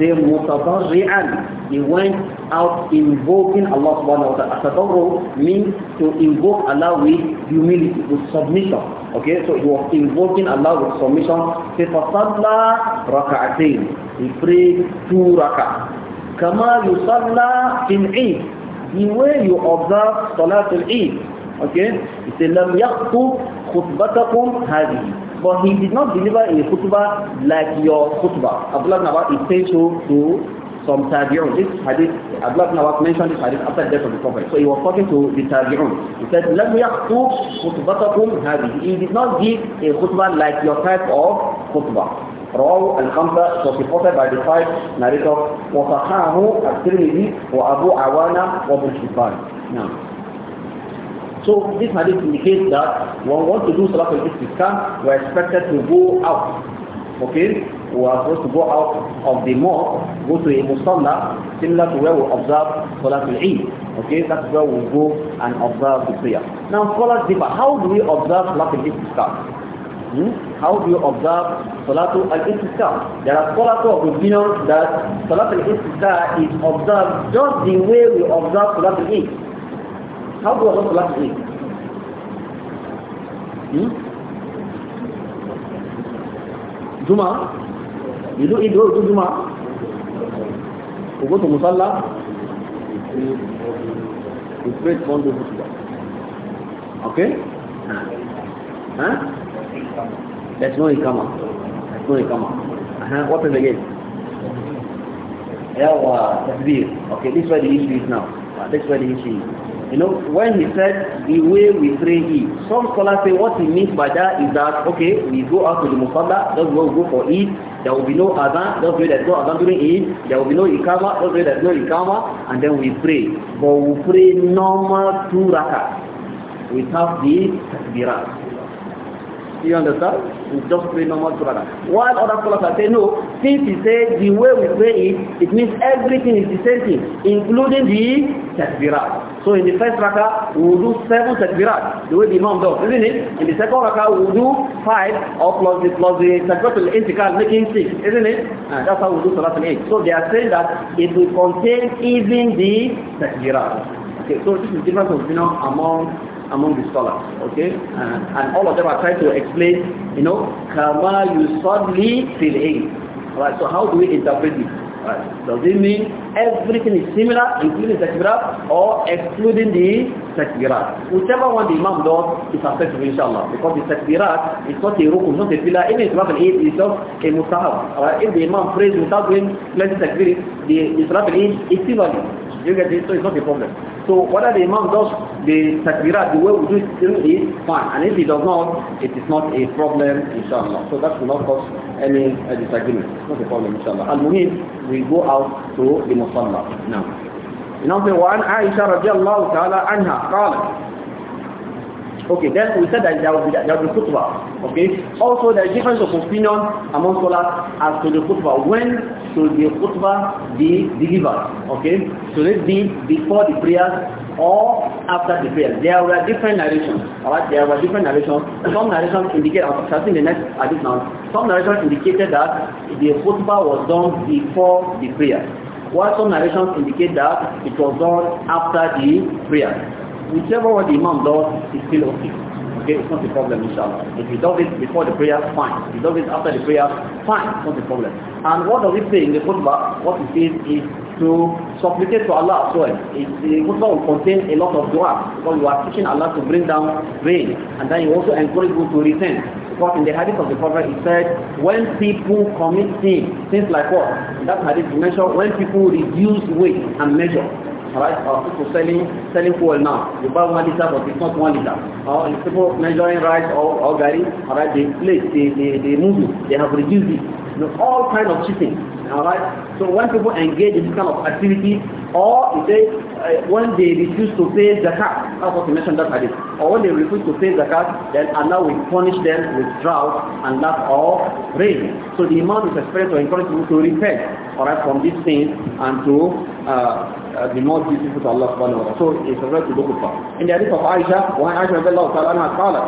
Speaker 1: sai mutadarri'an he went out invoking Allah subhanahu wa ta'ala atadarru means to invoke Allah with humility with submission okay so he was invoking Allah with submission sai fasalla raka'atain he prayed two raka kama yusalla in Eid the way you observe Salatul Eid. Okay? He said, لَمْ هَذِهِ But he did not deliver a khutbah like your khutbah. Abdullah ibn Abbas is saying to some tabi'un. This hadith, Abdullah ibn Abbas mentioned this hadith after the death of the Prophet. So he was talking to the tabi'un. He said, لَمْ يَخْطُبْ خُطْبَتَكُمْ هَذِهِ He did not give a khutbah like your type of khutbah. رواه الخمسة it was reported by the five narrators وصححه الترمذي وأبو عوانة وابن حبان نعم So this hadith indicates that when we want to do Salat al-Istisqa, we're expected to go out. Okay? We are supposed to go out of the mosque, go to a musalla, similar to where we observe Salat al-Eid. Okay? That's where we go and observe the prayer. Now scholars differ. How do we observe Salat al-Istisqa? Hmm? How do you observe Salatul al-Istisqa? There are scholars who have opinion that Salatul al-Istisqa is observed just the way we observe Salatul al-Eid. How do you observe Salatul al-Eid? Hmm? Juma? You do Eid, you do Juma? You go to Musalla? You pray one day Okay? Huh? There's no ikama. There's no ikama. Uh-huh. What is again? Yawa, tasbih. Okay, this is where the issue is now. Uh, that's where the issue is. You know, when he said the way we pray is, some scholars say what he means by that is that, okay, we go out to the musalla, that's where we go for Eid, there will be no adhan, that's where there's no adhan during Eid, there will be no ikama, that's where there's no ikama, and then we pray. But we pray normal two rakah without the takbirat. You understand? We just pray normal Surah. While other scholars are saying, no, since he said the way we pray it, it means everything is the same thing, including the takbirat. So in the first rakah, we will do seven takbirat, the way the Imam does, isn't it? In the second rakah, we will do five, or plus the, plus the takbirat al-intikal, making six, isn't it? And ah, that's how we do Salat al eight. So they are saying that it will contain even the takbirat. Okay, so this is different opinion among among the scholars, okay? And, uh, and all of them are trying to explain, you know, kama yusalli fil ayn. Alright, so how do we interpret this? Right? does it mean everything is similar, including the takbirat, or excluding the takbirat? Whichever one the imam does is acceptable, inshallah, because the takbirat is not a rukun, not a pillar, even if Salat al-Eid is just a mustahab. Alright, if the imam prays without doing plenty takbir, the Salat al-Eid is still valid. You get it? So it's not a problem. So whether the Imam does the takbirat the way we do it still is fine. And if he does not, it is not a problem, inshallah. So that will not cause any uh, disagreement. It's not a problem, inshallah. Al-Muhim, we go out to the Musalla now. You know, the one Aisha radiallahu ta'ala anha, قالت Okay, then we said that there will be, there will be khutbah. Okay? Also, there is difference of opinion among scholars as to the khutbah. When should the khutbah be delivered? Okay? Should it be before the prayers or after the prayers? There were different narrations. Alright? There were different narrations. Some narrations indicate, I'm starting the next hadith now. Some narrations indicated that the khutbah was done before the prayers. While some narrations indicate that it was done after the prayers. whichever what the Imam does is still okay. Okay, it's not a problem inshallah. If he does it before the prayer, fine. If he does it after the prayer, fine, it's not a problem. And what does it say in the khutbah? What it says is to supplicate to Allah as well. It, the khutbah will contain a lot of dua because you are teaching Allah to bring down rain and then you also encourage you to repent. Because in the hadith of the Prophet it said, when people commit sin, things like what? In that hadith you mentioned, when people reduce weight and measure, alright, or people selling selling fuel now. You buy one liter, but it's not one liter. Or uh, people measuring rice or, or gari, alright, they place, they, they, they move it, they have reduced it. You know, all kind of cheating, alright? So when people engage in this kind of activity, or if they, uh, when they refuse to pay zakat, that's what you mentioned that hadith, or when they refuse to pay zakat, then Allah will punish them with drought and lack of rain. So the Imam is expressed to encourage people to repent, alright, from these things and to uh, uh, the most beautiful to Allah subhanahu wa ta'ala. So it's referred to the Kufa. In the hadith of Aisha, when Aisha radiallahu ta'ala anha qalat,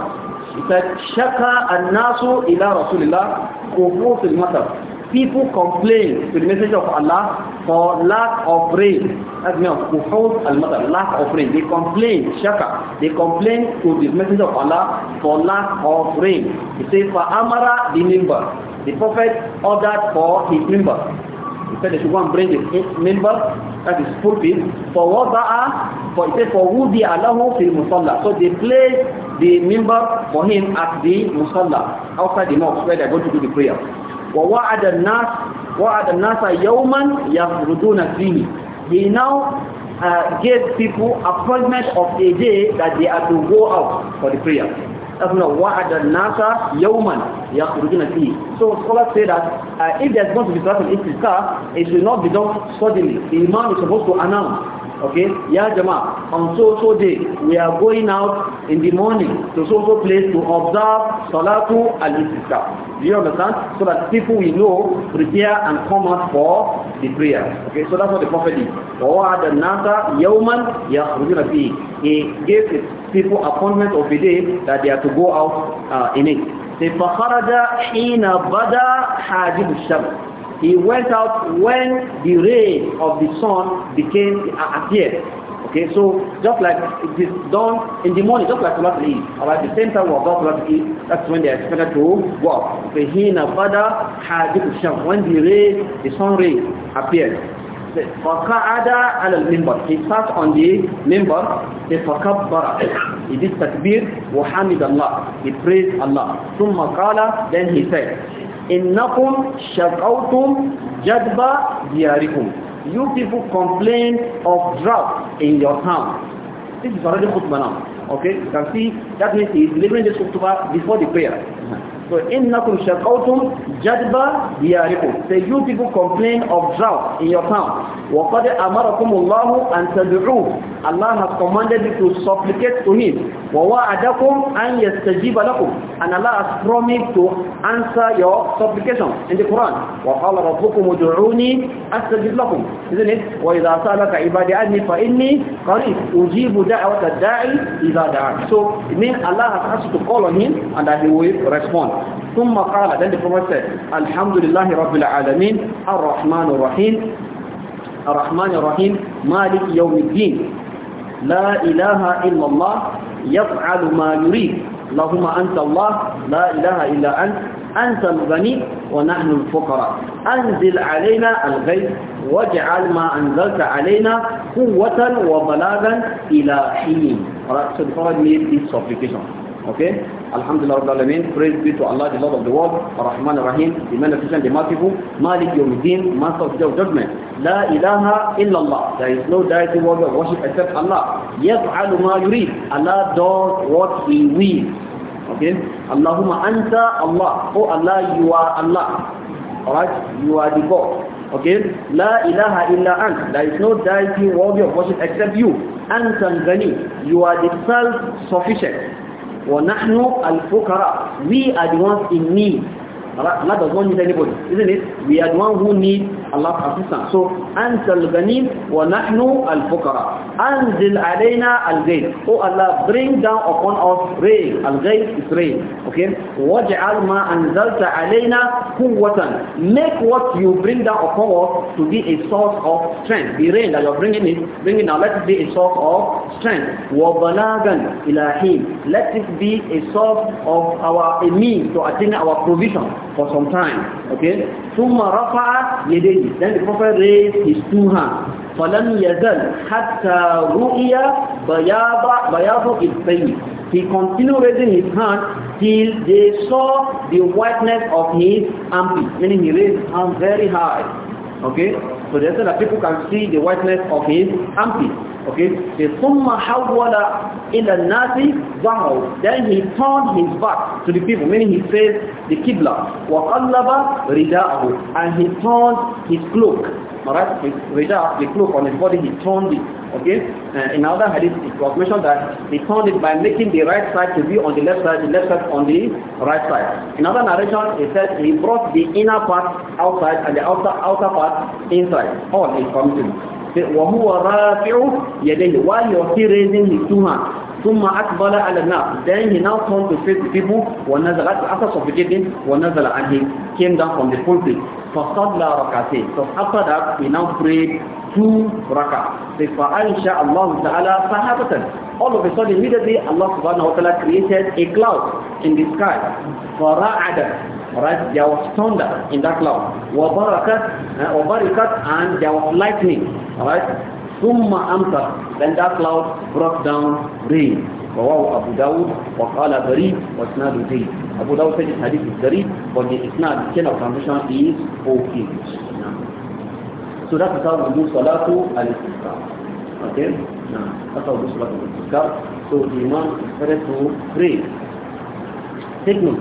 Speaker 1: he said, Shaka an-nasu ila Rasulillah kufuf al People complain to the message of Allah for lack of rain. That's means kufuf al-matar, lack of rain. They complain, shaka, they complain to the message of Allah for lack of rain. He says, فَأَمَرَ the The Prophet ordered for his member. He said they should go and bring the member, that is pulpit, for are, for it says for wudi alahu fil musalla. So they place the member for him at the musalla, outside the mosque where they are going to do the prayer. وَوَعَدَ the وَعَدَ النَّاسَ يَوْمًا يَخْرُدُونَ فِيهِ He now uh, gave people appointment of a day that they are to go out for the prayer no, wa'ada nasa yawman yakhrujuna fihi. So scholars say that uh, if there's going to be Salatul Istisqa, it should not be done suddenly. The Imam is supposed to announce okay ya jama'a on so so day we are going out in the morning to so so place to observe salatu al-istisqa do you understand so that people will know prepare and come out for the prayer okay so that's what the prophet did wa'ada nasa yawman yakhrujuna fihi he gave it people appointment of the day that they are to go out uh, in it. Say, فَخَرَجَ حِينَ بَدَى حَاجِبُ الشَّمْسِ He went out when the ray of the sun became, uh, appeared. Okay, so just like it is done in the morning, just like Salat Eid, or at the same time we about Salat Eid, that's when they are expected to go out. فَهِينَ بَدَى حَاجِبُ الشَّمْسِ When the ray, the sun ray appeared. فَقَعَدَ عَلَى الْمِنْبَرِ He sat on the منبر he He did takbir, وَحَمِدَ اللَّهِ He praised Allah. ثُمَّ قَالَ Then he said, إِنَّكُمْ شَكَوْتُمْ جَدْبَ دِيَارِكُمْ You people complain of drought in your town. This is already khutbah now. Okay, you can see that means he is delivering this khutbah before the prayer. So innakum shaqawtum jadba diyarikum. Say you people complain of drought in your town. وَقَدْ أَمَرَكُمُ اللَّهُ أَنْ تَدْعُوهُ Allah has commanded you to supplicate to Him. وَوَعَدَكُمْ أَنْ يَسْتَجِيبَ لَكُمْ And Allah has promised to answer your supplication in the Quran. وَقَالَ رَبُّكُمُ دُعُونِي أَسْتَجِيبْ لَكُمْ Isn't it? وَإِذَا سَأَلَكَ عِبَادِ أَنِّي فَإِنِّي قَرِيبٌ أُجِيبُ دَعْوَةَ الدَّاعِ إِذَا دَعَانِ So it means Allah has asked you to call on Him and that He will respond. ثم قال عند فرصة الحمد لله رب العالمين الرحمن الرحيم الرحمن الرحيم مالك يوم الدين لا إله إلا الله يفعل ما يريد لهما أنت الله لا إله إلا أنت أنت الغني ونحن الفقراء أنزل علينا الغيث واجعل ما أنزلت علينا قوة وبلاغا إلى حين رأس Alhamdulillah العالمين Praise be to Allah, the Lord of the world, Ar-Rahman Ar-Rahim, the Magnificent, the Merciful, Malik الدين Master of the Judgment. La ilaha illallah. There is no deity worthy of worship except Allah. Yaf'alu ما yurid. Allah does what He will Okay? Allahumma anta Allah. Oh Allah, you are Allah. Alright? You are the God. Okay? La ilaha إلا أنت There is no deity worthy of worship except you. Anta al You are the self-sufficient. وَنَحْنُ الْفُقَرَاءُ We are the ones in need. Allah, does not need anybody, isn't it? We are the one who need Allah's assistance. So, أنت الغني ونحن الفقراء. أنزل علينا الغيث. Oh Allah, bring down upon us rain. الغيث is rain. Okay? وجعل ما أنزلت علينا قوة. Make what you bring down upon us to be a source of strength. The rain that you are bringing in, bringing now, let it be a source of strength. وبلاغا إلى حين. Let it be a source of our a means to attain our provision for some time. Okay? ثُمَّ رَفَعَ يَدَيْهِ Then the Prophet raised his two hands. فَلَمْ يَزَلْ حَتَّى رُؤِيَ بَيَابَ إِبْتَيْهِ He continued raising his hand till they saw the whiteness of his armpit. Meaning he raised his hand very high. Okay? So then so that people can see the whiteness of his armpit. Okay? The summa in the nazi zahaw. Then he turned his back to the people, meaning he faced the Qibla. Wa qallaba And he turned his cloak. Alright? His rida, the cloak on his body, he turned it. Okay? Uh, in other hadith, it was mentioned that he found it by making the right side to be on the left side, the left side on the right side. In other narration, it said he brought the inner part outside and the outer, outer part inside. All is permitted. وَهُوَ رَافِعُ يَدَيْهِ While he was still raising his two hands, ثم أقبل على النار then he now turned to face the people ونزل after suffocating ونزل and he came down from the pulpit فصلى ركعتين so after that he now prayed two rak'ah. Say, فَأَنْشَاءَ اللَّهُ تَعَالَى صَحَابَةً All of a sudden, immediately, Allah subhanahu wa ta'ala created a cloud in the sky. Fara'ada. Right, there was thunder in that cloud. وَبَرَكَتْ, وَبَرِكَتْ And there was lightning. Right? Summa amta. Then that cloud broke down rain. رواه أبو داود وقال غريب وإسناد جيد أبو داود said this hadith is غريب but the إسناد chain of transmission is okay. So that's how we do Salatu al-Istisqa. Okay? That's how we do Salatu al-Istisqa. So the Imam is ready to pray. Take note.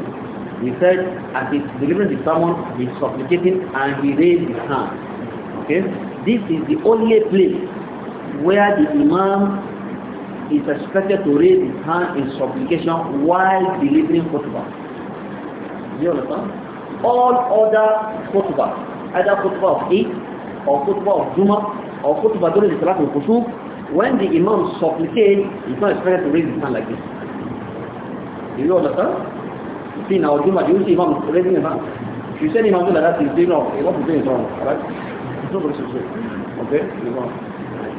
Speaker 1: He said, as he's delivering the sermon, he's supplicating and he raised his hand. Okay? This is the only place where the Imam is expected to raise his hand in supplication while delivering khutbah. Do you understand? All other khutbah, either khutbah of eight or khutbah of Juma or khutbah during the Salat al-Khusuf, when the Imam supplicates, it's not expected to raise his hand like this. Do you understand? See now, Juma, do you see Imam raising his hand? If you say Imam like that, he's doing wrong. What he's doing is wrong, alright? It's not going to Okay?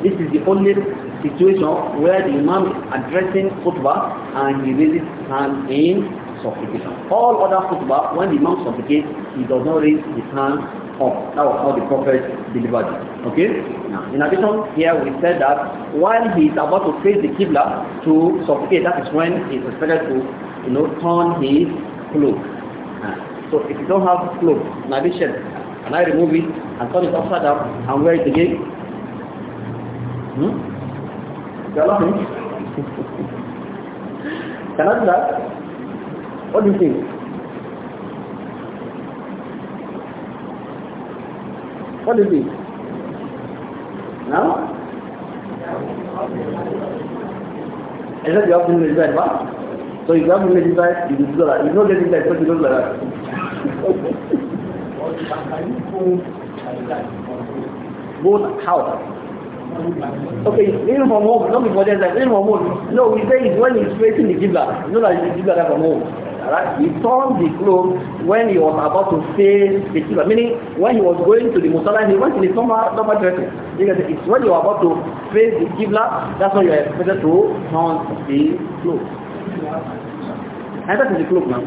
Speaker 1: This is the only situation where the Imam is addressing khutbah and he raises his hand in supplication. All other khutbah, when the Imam supplicates, he does not raise his hand up. That was how the prophet delivered it. Okay? Now, in addition, here we said that while he is about to face the Qibla to supplicate, that is when he is expected to, you know, turn his cloak. So if you don't have cloak, in addition, and I remove it and turn it upside down and wear it again? Hmm? You are laughing? Can I do that? What do you think? What is it? Now? Is that your opinion is bad, So if your opinion is bad, you do that. You know that is that, but you don't like that. Both how? Okay, even from home, not before that, even from home. No, we say it's when it's facing the Qibla. You know that it's the Qibla from home right? He torn the clothes when he was about to face the Qibla. Meaning, when he was going to the Musala, he went in his normal, normal dressing. Because it's when you are about to face the Qibla, that's when you are expected to turn the clothes. And that is the cloak now.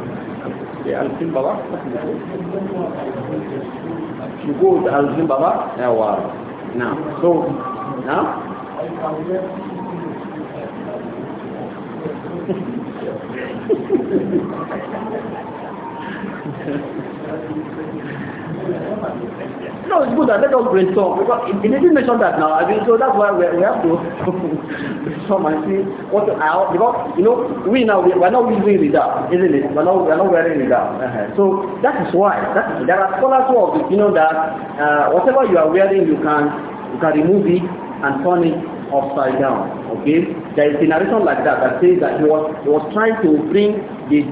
Speaker 1: Yeah,
Speaker 2: Al-Sin Baba, that the cloak. You go to Al-Sin Baba, yeah, wow. Now, so, now, [laughs] No, it's good that let us brainstorm
Speaker 1: because it, it didn't mention that now. I mean, so that's why we, we have to [laughs] brainstorm and see what to out because you know we now we, we're not using result, isn't it? We're not we're not wearing result. Uh-huh. So that is why that there are scholars who have you know that uh, whatever you are wearing, you can you can remove it and turn it upside down. Okay, There is a narration like that that says that he was, he was trying to bring the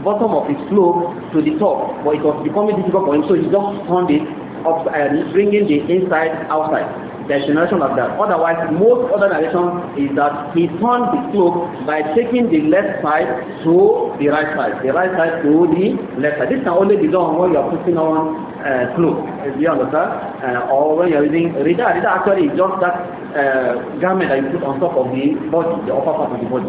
Speaker 1: bottom of his slope to the top, but it was becoming difficult for him, so he just turned it up and uh, bringing the inside outside. the explanation of that. Otherwise, most other narration is that he turned the cloak by taking the left side to the right side, the right side to the left side. This can only be done when you are putting on uh, cloak, do you understand? Uh, or when you are using rida, rida actually is just that uh, garment that you put on top of the body, the upper part of the body.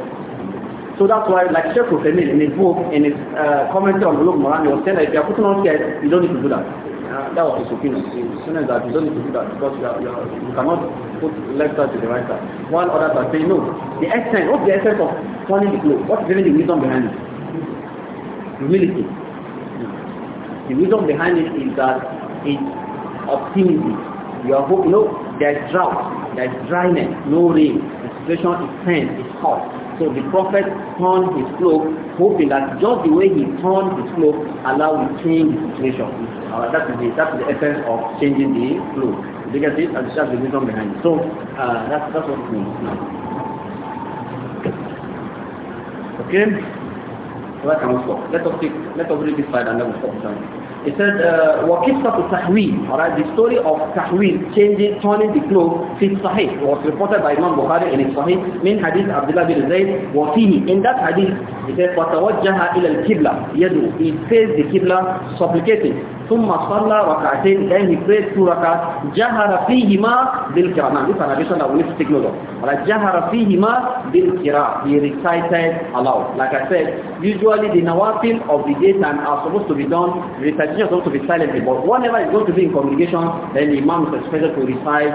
Speaker 1: So that's why, like Sheikh Hussein in his book, in his uh, commentary on the Luqman, he was saying that if you are putting on skirt, you don't need to do that. Uh, that one is okay. It's sooner that you don't need to do that because you, are, you, are, you cannot put left side to the right side. One other that say no. The essence, what's the essence of turning the clothes? What's really the wisdom behind it? Humility. The wisdom behind it is that it's optimism. You are hoping, you no, know, there's drought, there's dryness, no rain, the situation is tense, it's hot so the prophet turned his cloak, hoping that just the way he turned his cloak, Allah will change the situation. Uh, that, is the, that is the essence of changing the cloak. You get it? And that's the wisdom behind it. So uh, that's, that's what it means now. Okay? So that can we stop. Let us, take, let us read this slide and then we stop. It said, uh, وَقِصَّةُ تَحْوِيل Alright, the story of tahwil, changing, turning the clothes, fit sahih, was reported by Imam Bukhari in his sahih, min hadith Abdullah bin Zayd, وَفِيهِ In that hadith, it says, فَتَوَجَّهَ إِلَى Kibla. يَدُو He says the Qibla supplicating. ثم صلى ركعتين then he prayed two ركعات جهر فيهما بالقراءة نعم this narration I will take note of right جهر فيهما بالقراءة he recited aloud like I said usually the nawafil of the daytime are supposed to be done recitation is supposed to be silently but whenever it's going to be in congregation then the imam is expected to recite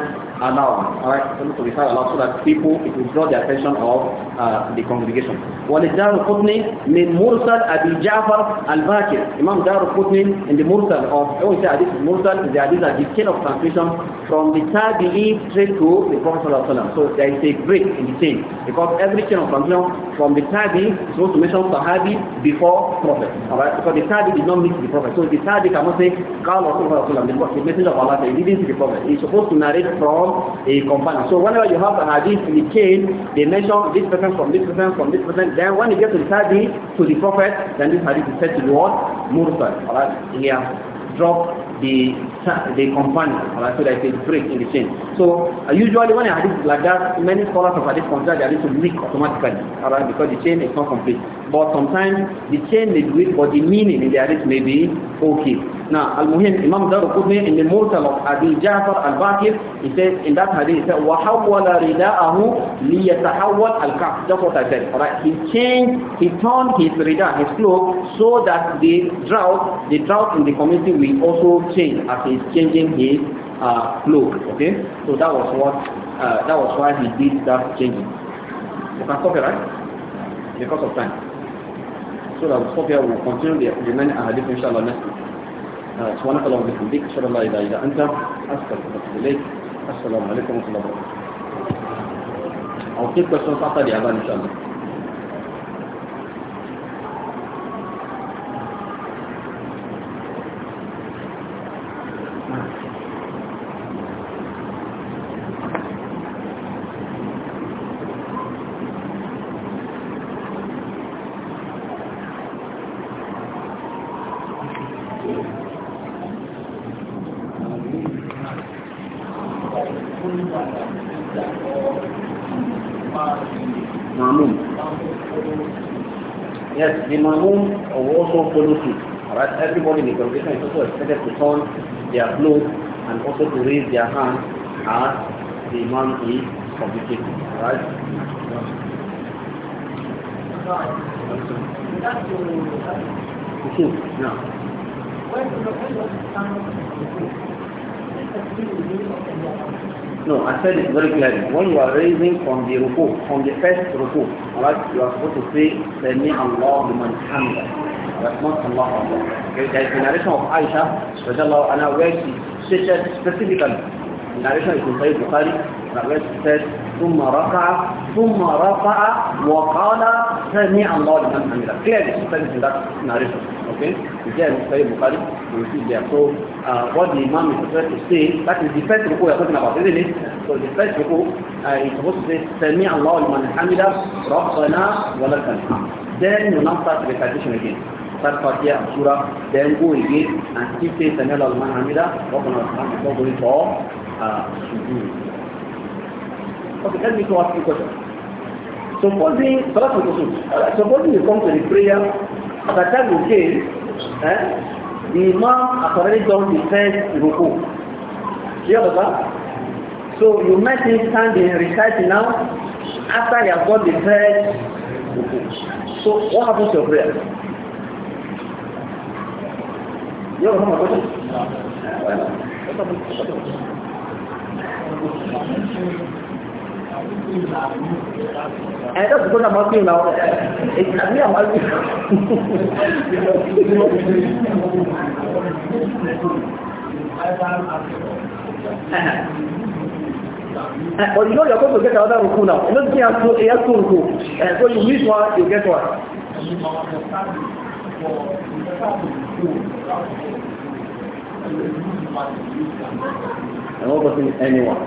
Speaker 1: allowed. All right, it's to be said allowed so that people it will draw the attention of uh, the congregation. وللدار القطني من مرسل أبي جعفر الباكر Imam Dar al-Qutni in the Mursal of oh, we say hadith Mursal the hadith are the chain of transmission from the Tabi'i straight to the Prophet ﷺ. So there is a break in the chain because every chain of transmission from the Tabi'i is supposed to mention Sahabi before Prophet. Alright, because the Tabi'i did not meet the Prophet. So the Tabi'i cannot say Qal Rasulullah the message of Allah, he didn't see the Prophet. He's supposed to narrate from a companion. So whenever you have a hadith in the chain, they mention this person from this person from this person. Then when you get to the hadith to the prophet, then this hadith is said to be what? Mursal. Alright? He has dropped the the companion. Alright? So there is a break in the chain. So uh, usually when a hadith is like that, many scholars of hadith consider they hadith to weak automatically. Alright? Because the chain is not complete but sometimes the chain may be but the meaning in the hadith may be okay. Now, Al-Muhim, Imam Daruqutni, in the Murtal of Abdul Ja'far al-Bakir, he says in that hadith, he said, وَحَوَّلَ رِدَاءَهُ لِيَتَحَوَّلْ الْكَعْبِ That's what I said, alright? He changed, he turned his rida, his cloak, so that the drought, the drought in the community will also change as he's changing his uh, cloak, okay? So that was what, uh, that was why he did that changing. You can stop it, right? Because of time. so that we'll stop here. We'll continue the remaining ahadith inshallah next week. سبحانك اللهم وبحمدك اشهد ان لا اله الا انت استغفرك اليك السلام عليكم ورحمه الله وبركاته. I'll take questions after the Adhan inshallah. Right, everybody in the congregation is also expected to turn their clothes and also to raise their hand as the Imam is supplicating. Alright? Okay, now. No, I said it very clearly. When you are raising from the ruku, from the first ruku, alright, you are supposed to say, Sami Allah liman rahmatullah okay there is a narration of Aisha radiallahu anha where she stated specifically the narration is in Sahih Bukhari where she said ثم رفع ثم رفع وقال سمع الله لمن حمده clearly she said in that narration okay is there in Sahih Bukhari we see there so uh, what the Imam is supposed to say that is the first ruku we are talking about isn't so the first ruku uh, is supposed to say سمع الله لمن حمده ربنا ولك الحمد then you now start the recitation again start Fatiha and Surah, then go again and still say Sami Allah Liman Hamida, Rabbana uh, Okay, let me ask you question. Supposing, Salat al uh, supposing you come to the prayer, at the time you came, eh, the Imam has already done the first ruku. Do you understand? So you met him standing reciting now, after he has done the first ruku. So what happens to your prayer?
Speaker 2: yau kuma kudi ẹ̀ẹ́dẹ́ tó kọ́nà máa fi ìlà ọ̀ ìtàbí àwọn àti But
Speaker 1: you know you're going to get another ruku now. You know, you have two, you have two ruku. And
Speaker 2: so one. I'm not putting anyone.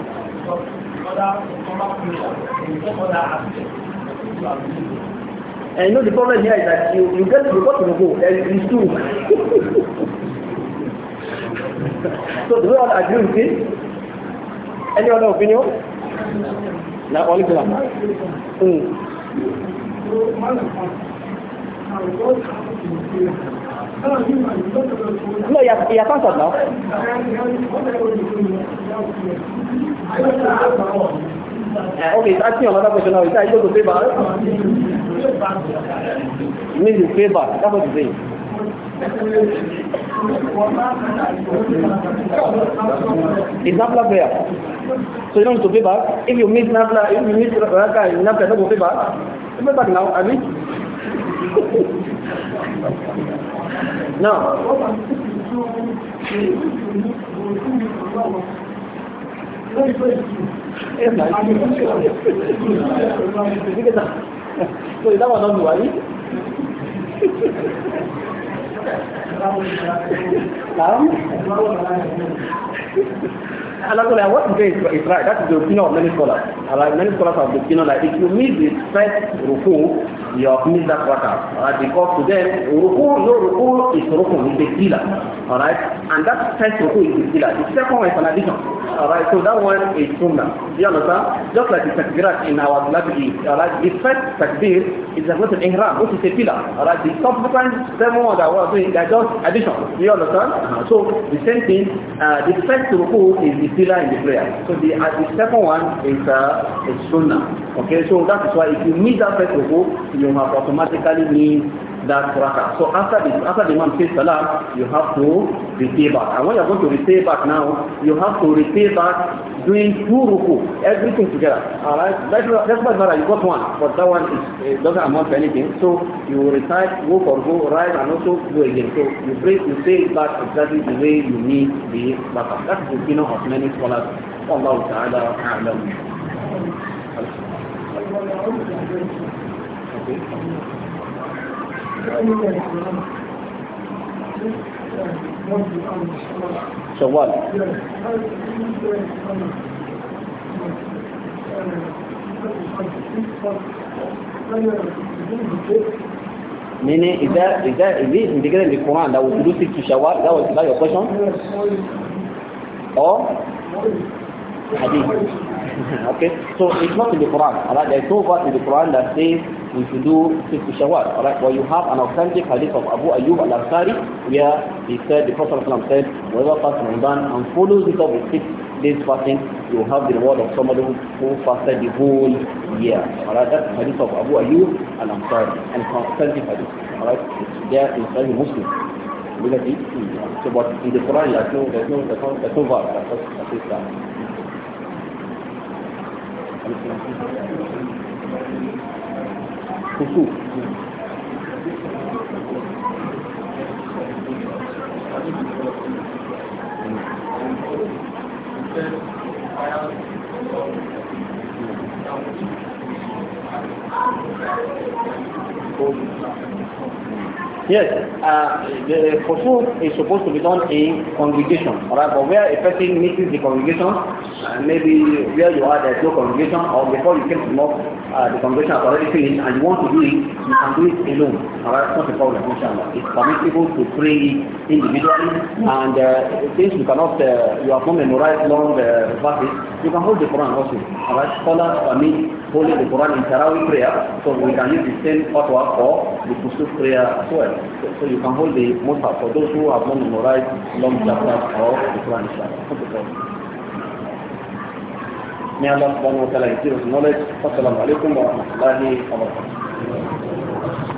Speaker 1: And you know the problem here is that you, you get to the bottom go and it's [laughs] true. so do we all agree with this? Any other opinion? Now only one.
Speaker 2: Mm.
Speaker 1: No, you have, you have answered now.
Speaker 2: Uh, okay, it's asking
Speaker 1: another question now. Is that equal to favor? Means it's favor. it's saying. It's not So you don't need to pay back. If you miss Nafla, if you miss Raka, Nafla, you don't go pay back. pay back now, I mean
Speaker 2: náà so ìdáwọ̀ náà mi wà yìí
Speaker 1: Another like what is is right. That is the opinion of many scholars. Like many scholars have the opinion like if you miss the first ruku, your meal that water. Alright, because to them, ruku, no ruku is ruku, is the killer. Alright, and that first ruku is the killer. The second one is an addition alright? So that one is sunnah. Do you understand? Just like the takbirat in our Salafi Eid, The first takbir is the word ihram, which is a pillar, alright? The subsequent seven ones that we're doing, they're just addition. Do you understand? Uh -huh. So the same thing, uh, the first ruku is the pillar in the prayer. So the, uh, the second one is, uh, is sunnah. Okay, so that is why if you miss that first ruku, you have automatically missed that rakah. So after the, after the Imam says salam, you have to repay back. And when you're going to repay back now, you have to repay back doing two ruku, everything together. Alright? That's, that's why you got one, but that one is, doesn't amount to anything. So you recite, go for go, rise, and also go again. So you break, you say back exactly the way you need the rakah. That's the opinion of many scholars. Allah Ta'ala A'lam. Okay. شوال meaning is that is that is it indicated the Quran that was do to Shawar, That was that your question? Or hadith? [laughs] okay? So it's not in the Quran, alright? There's no verse in the Quran that says we should do Sittu Shawwal, alright? Well, you have an authentic hadith of Abu Ayyub al-Ansari where he said, the Prophet said, whoever fasts Ramadan and follows it up with six days fasting, you have the reward of somebody who fasted the whole year, alright? That's the hadith of Abu Ayyub al-Ansari, and it's an authentic hadith, alright? It's there in Sahih Muslim. So, but in the Quran, there's no, there's no, there's no, there's no verse that says that.
Speaker 2: kókó Thank you.
Speaker 1: Yes, uh, the khusus is supposed to be done in congregation, alright, but where a person misses the congregation, uh, maybe where you are there's no congregation or before you came to mosque, uh, the congregation has already finished and you want to do it, you can do it alone, alright, it's not a problem, inshallah. It's people to pray individually and uh, since you cannot, uh, you have not memorized long uh, verses, you can hold the Quran also, alright, scholars mean. holy the Quran in Tarawih prayer, so we can use the same fatwa for the Kusuf prayer as well. So, so you can hold the Musaf for those who have not memorized long chapters of the Quran Islam. May Allah subhanahu wa ta'ala give us knowledge. Assalamu alaikum wa rahmatullahi wa barakatuh.